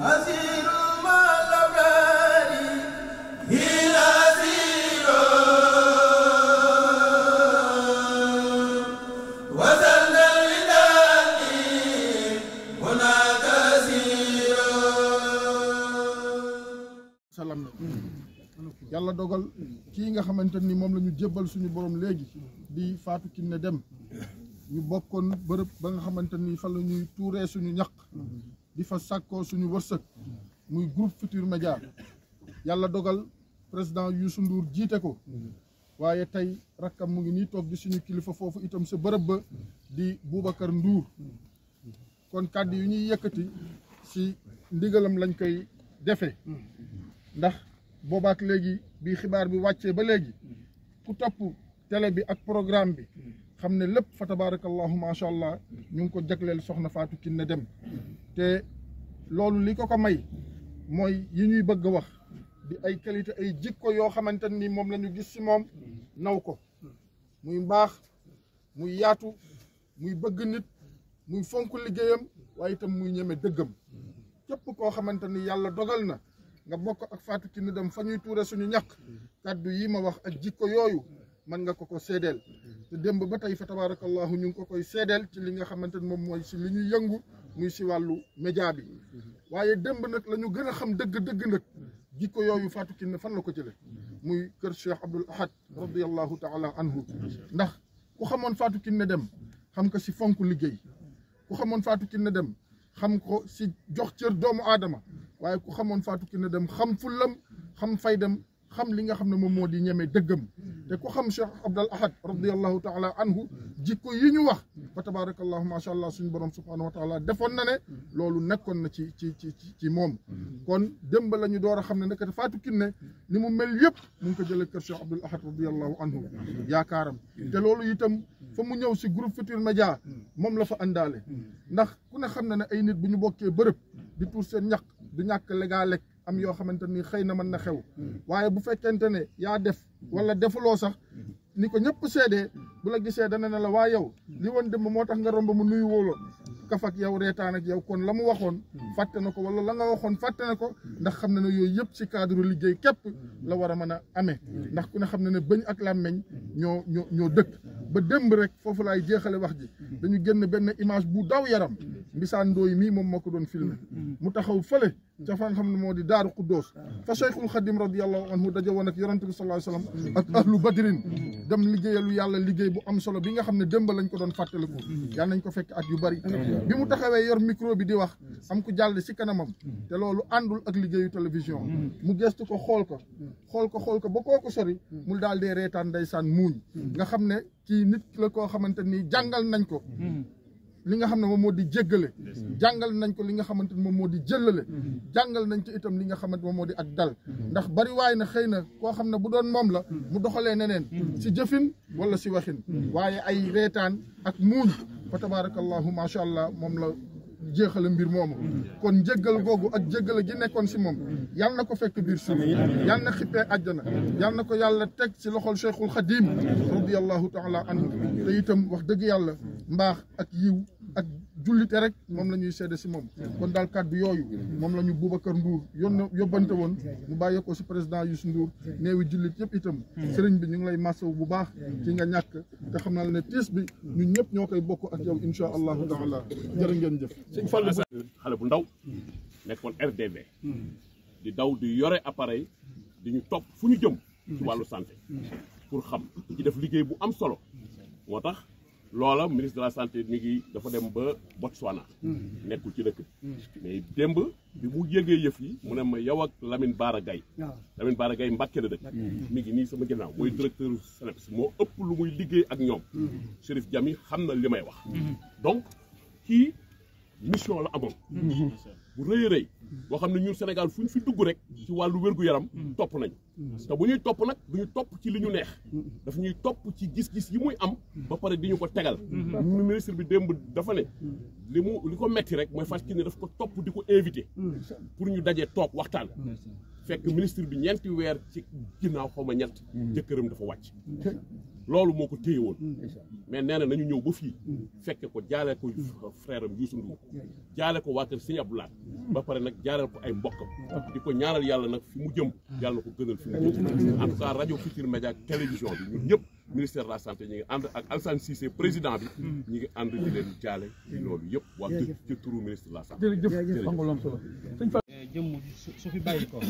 yàlla dogal kii nga xamante ni moom la ñu jébbal suñu borom léegi di Fatou Kiné dem ñu bokkoon bërëb ba nga xamante ni fa la ñuy tuuree suñu ñaq di fa sakko suñu wërseuk muy groupe futur ya yalla dogal président yousou Ndour jité ko waye tay rakam mu ngi ni tok di suñu kilifa fofu itam sa bërepp ba di Boubacar Ndour kon kaddu yu ñuy yëkëti si ndigalam lañ koy défé ndax bobak légui bi xibaar bi wàccee ba légui ku top télé bi ak programme bi xamné ne fa tabarakallah ma sha allah ñu ko jéglél soxna Fatou kinna dem te loolu li ko ko may mooy yi ñuy bëgg a wax di ay qualité ay jikko yoo xamante ni moom la ñu gis ci moom naw ko muy mbaax muy yaatu muy bëgg nit muy fonk liggéeyam waaye itam muy ñeme dëggam képp koo xamante ni yàlla dogal na nga bokk ak Fatou Tine dem fa ñuy tuure suñu ñàkk kàddu yi ma wax ak jikko yooyu mën nga ko ko sedeel mm-hmm. te démb ba tey fa tabaarakallahu ñu ngi ko koy seedeel ci li nga xamante ne moom mooy si li ñuy yëngu muy si wàllu média bi mm-hmm. waaye démb nag lañu ñu gën a xam dëgg-dëgg nag jikko yooyu Fatou Kiné fan la ko jële mm-hmm. muy kër Cheikh Abdoul Ahad radiallahu taala anhu ndax ku xamoon Fatou Kiné dem xam ko si fonk liggéey ku xamoon Fatou Kiné dem xam ko si jox cër doomu aadama waaye ku xamoon faatu Kiné dem xam fullam xam fay dem xam li nga xam ne moom moo di ñeme dëggam te ku xam Cheikh Abdal Ahad radiallahu taala anhu jikko yi ñu wax fa tabarakallahu macha allah suñu borom subhanahu wa taala defoon na ne loolu nekkoon na ci ci ci ci moom kon démb la ñu door xam ne nekkati Fatou Kiné ni mu mel yëpp mu ngi ko jëlee kër Cheikh Abdul Ahad radiallahu anhu yaakaaram te loolu itam fa mu ñëw si groupe Futurs Médias moom la fa àndaale ndax ku ne xam na ne ay nit bu ñu bokkee bërëb di tuur seen ñaq du ñàkk légaa lekk am yoo mm-hmm. xamante ni xëy na mën na xew mm-hmm. waaye bu fekkente ne yaa def wala mm-hmm. defuloo sax ni ko ñëpp seedee bu la gisee dana ne la waa yow li woon démb moo tax nga romb mu nuyu wóoloon kafak ak yow reetaan ak yow kon la mu waxoon fàtte na ko wala la nga waxoon fàtte ndax xam na ne yooyu yëpp si cadre liggéey képp la war a mën a amee ndax ku ne xam na ne bëñ ak làmmeñ ñoo ñoo ñoo dëkk ba dëmb rek foofu la ay jeexale wax ji dañu génn benn image bu daw yaram mbisaan ndooy mii moom moo ko doon filmé mu taxaw fële ca fa xam ne moo di daaru Quddoos fa Cheikhul Khadim radiallahu anhu daje woon ak yonent bi sallallahu alayhi wasallam mm-hmm. ak ahlu badrin dem liggéeyalu yàlla liggéey bu am solo bi nga xam ne démb lañ ko doon fàttaliku mm-hmm. yàlla nañ ko fekk at yu bari mm-hmm. bi mu taxawee yor micro bi di wax am ku jàll si kanamam te loolu àndul ak liggéeyu télévision mu gestu ko xool ko xool ko xool ko ba ko sori mu daal dee reetaan ndeysaan muuñ nga xam ne kii nit la koo xamante ni jàngal nañ ko li nga xam ne moom moo di jéggale mm-hmm. jàngal nañ ko li nga xamante ni moom moo di jëllale mm-hmm. jàngal nañ ci itam li nga xamante moom moo di ak dal mm-hmm. ndax bari waaye na xëy na koo xam ne bu doon moom la mu doxalee neneen si jëfin wala si waxin waaye ay reetaan ak muuñ fa tabarakallahu macha allah moom la jéexale mbir moomu kon njéggal googu ak jéggale gi nekkoon si moom yal na ko fekk biir suuf yal na xippee àjjana yal na ko yàlla teg si loxol cheikhul xadim radiallahu taala anhu te itam wax dëgg yàlla mbaax ak yiw ak jullite rek moom la ñuy seede si moom mm-hmm. kon daal kàddu yooyu mm-hmm. moom la ñu Boubacar Ndour yónn yóbbante woon mm-hmm. mu bàyyee ko si président Youssou Ndour néewi jullit yëpp itam sëriñ bi ñu ngi lay masaw bu baax ci nga ñàkk xam naa ne tiis bi ñëpp ñoo koy bokk ak yow insha allahu taala jërë ngeen jëf suñ fàll xale bu ndaw nekkoon RDV di daw di yore appareil di ñu topp fu ñu jëm ci wàllu santé pour xam ci def liggéey bu am solo moo tax loola ministre de la santé mi ngi dafa dem ba Botswana. Hmm. nekkul ci dëkk hmm. mais démb bi mu yëgee yëf yi mu ne ma yow ak Lamine Bara Gaye Lamine Bara Gaye Mbàkke la dëkk hmm. mi ngi nii sama ginnaaw mooy directeur SNEIPS moo ëpp lu muy liggéey ak ñoom Chérif Diamy xam na li may wax donc kii mission la amoon mm-hmm. Mm-hmm. Mm-hmm. bu rëy rëy boo xam ne ñun Sénégal fu ñu fi dugg rek ci wàllu wér-gu-yaram topp nañ te bu ñuy topp nag bu ñu topp ci li ñu neex daf ñuy topp ci gis-gis yi muy am ba pare di ñu ko tegal ministre bi démb dafa ne li mu li ko metti rek mooy Fatou ne dafa ko topp di ko invité pour ñu dajee toog waxtaan fekk ministre bi ñeenti weer ci ginnaaw xaw ma ñett jëkkëram dafa wàcc loolu moo ko téye woon mm, mais nee na nañu ñëw ba fii mm. fekke ko jaale ko frère am Youssou Ndour jaale ko waa kër Sëñ Abdou mm. ba pare nag jaaleel ko ay mbokkam di ko ñaaral yàlla nag fi mu jëm yàlla na ko gënal fi mu jëm en tout cas rajo Futurs Médias ak télévision bi ñëpp ministère la santé ñu ànd ak Alassane Cissé président bi ñu ngi ñi di leen jaale ci loolu yëpp waa ci turu ministre de la santé jërëjëf eh, jëmm su fi bàyyi ko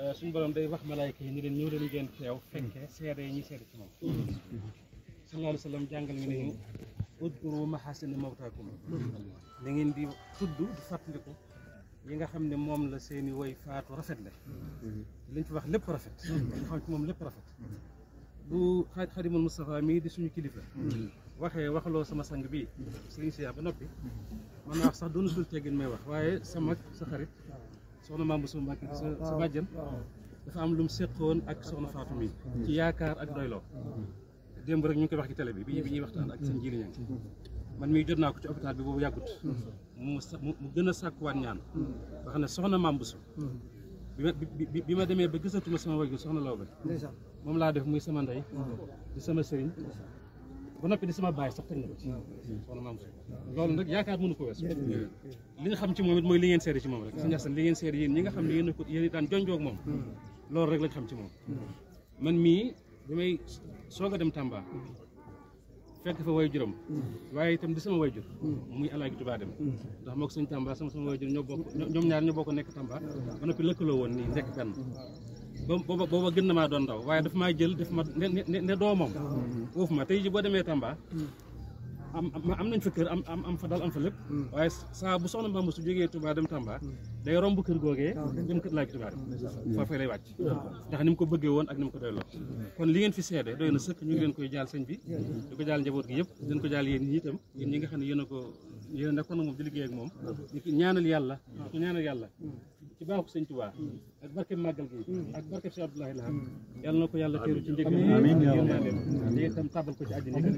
Euh, suñu borom day wax malaayka yi ni leen ñëw leen ngeen teew fekke seede yi ñuy seede ci moom sallallahu alayhi wa sallam jàngal nga nañu udkuru mahasina mawtaakum da ngeen di tudd di fàttaliku yi nga xam ne moom la seeni woy faatu rafet la liñ fi wax lépp rafet ñu xam ci moom lépp rafet bu xadimul Moustapha mii di suñu kilifa waxee waxloo sama sang bii sëriñ si ba noppi man naa wax sax doona sul teggin may wax waaye sama sa xarit soxna Maam Bousso Mbacke sa ah, ah, bàjjan ah. dafa am lu mu séqoon ak soxna Fatou mi ci yaakaar ak doyloo démb rek ñu ngi koy wax ci télé bi bi ñuy waxtaan ak seen mm. jiriñam man mii jot naa ko ci hôpital bi boobu yàggut mu mu gën a sàkkuwaat ñaan nga xam ne soxna Maam Bousso mm. bi bi ma demee ba gisatuma sama wajur soxna Lawbe moom laa def muy sama ndey mm. di sama sëriñ ba noppi sama baay sax teg na ko yaakaar mënu ko wees li nga xam ci moom it mooy li ngeen seede ci moom rek suñu asan li ngeen seede nga xam ne yéen ko yéen daan jonjoog moom loolu rek lañ xam ci moom man mii damay soog a dem Tamba fekk fa way juram waaye itam di sama way jur muy alaaji Tuubaa dem ndax moo ko sëñ Tamba sama sama way jur ñoo bokk ñoom ñaar ñoo bokk nekk Tamba ba noppi lëkkaloo woon nii nekk benn booba booba gën na maa doon ndaw waaye daf maa jël daf ma ne ne doomam foofu ma tey ji boo demee Tamba am am nañ fa kër am am fa dal am fa lépp hmm. waaye saa bu soxna Bamba su jógee Touba dem Tamba hmm. day romb kër googee hmm. dem kër laaj Touba dem foofee lay wàcc ndax ni mu ko bëggee woon kon li ngeen fi seede doy na sëkk ñu ngi leen koy jaal sëñ bi di ko jaal njaboot gi yëpp di ko jaal yéen ñi itam yéen ñi nga xam ne yéen a ko yéen a nekkoon moom di liggéey ak moom ñaanal yàlla ñaanal yàlla ci baaxu sëñ Tuubaa ak barke màggal gi ak barke Cheikh Abdoulahi Lahad mm. yàlla na ko yàlla teeru ci njëgam te itam tabal ko ci àjjana gën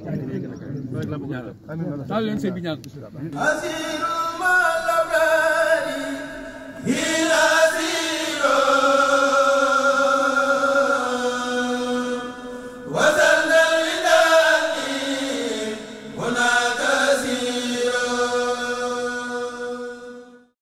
a kawe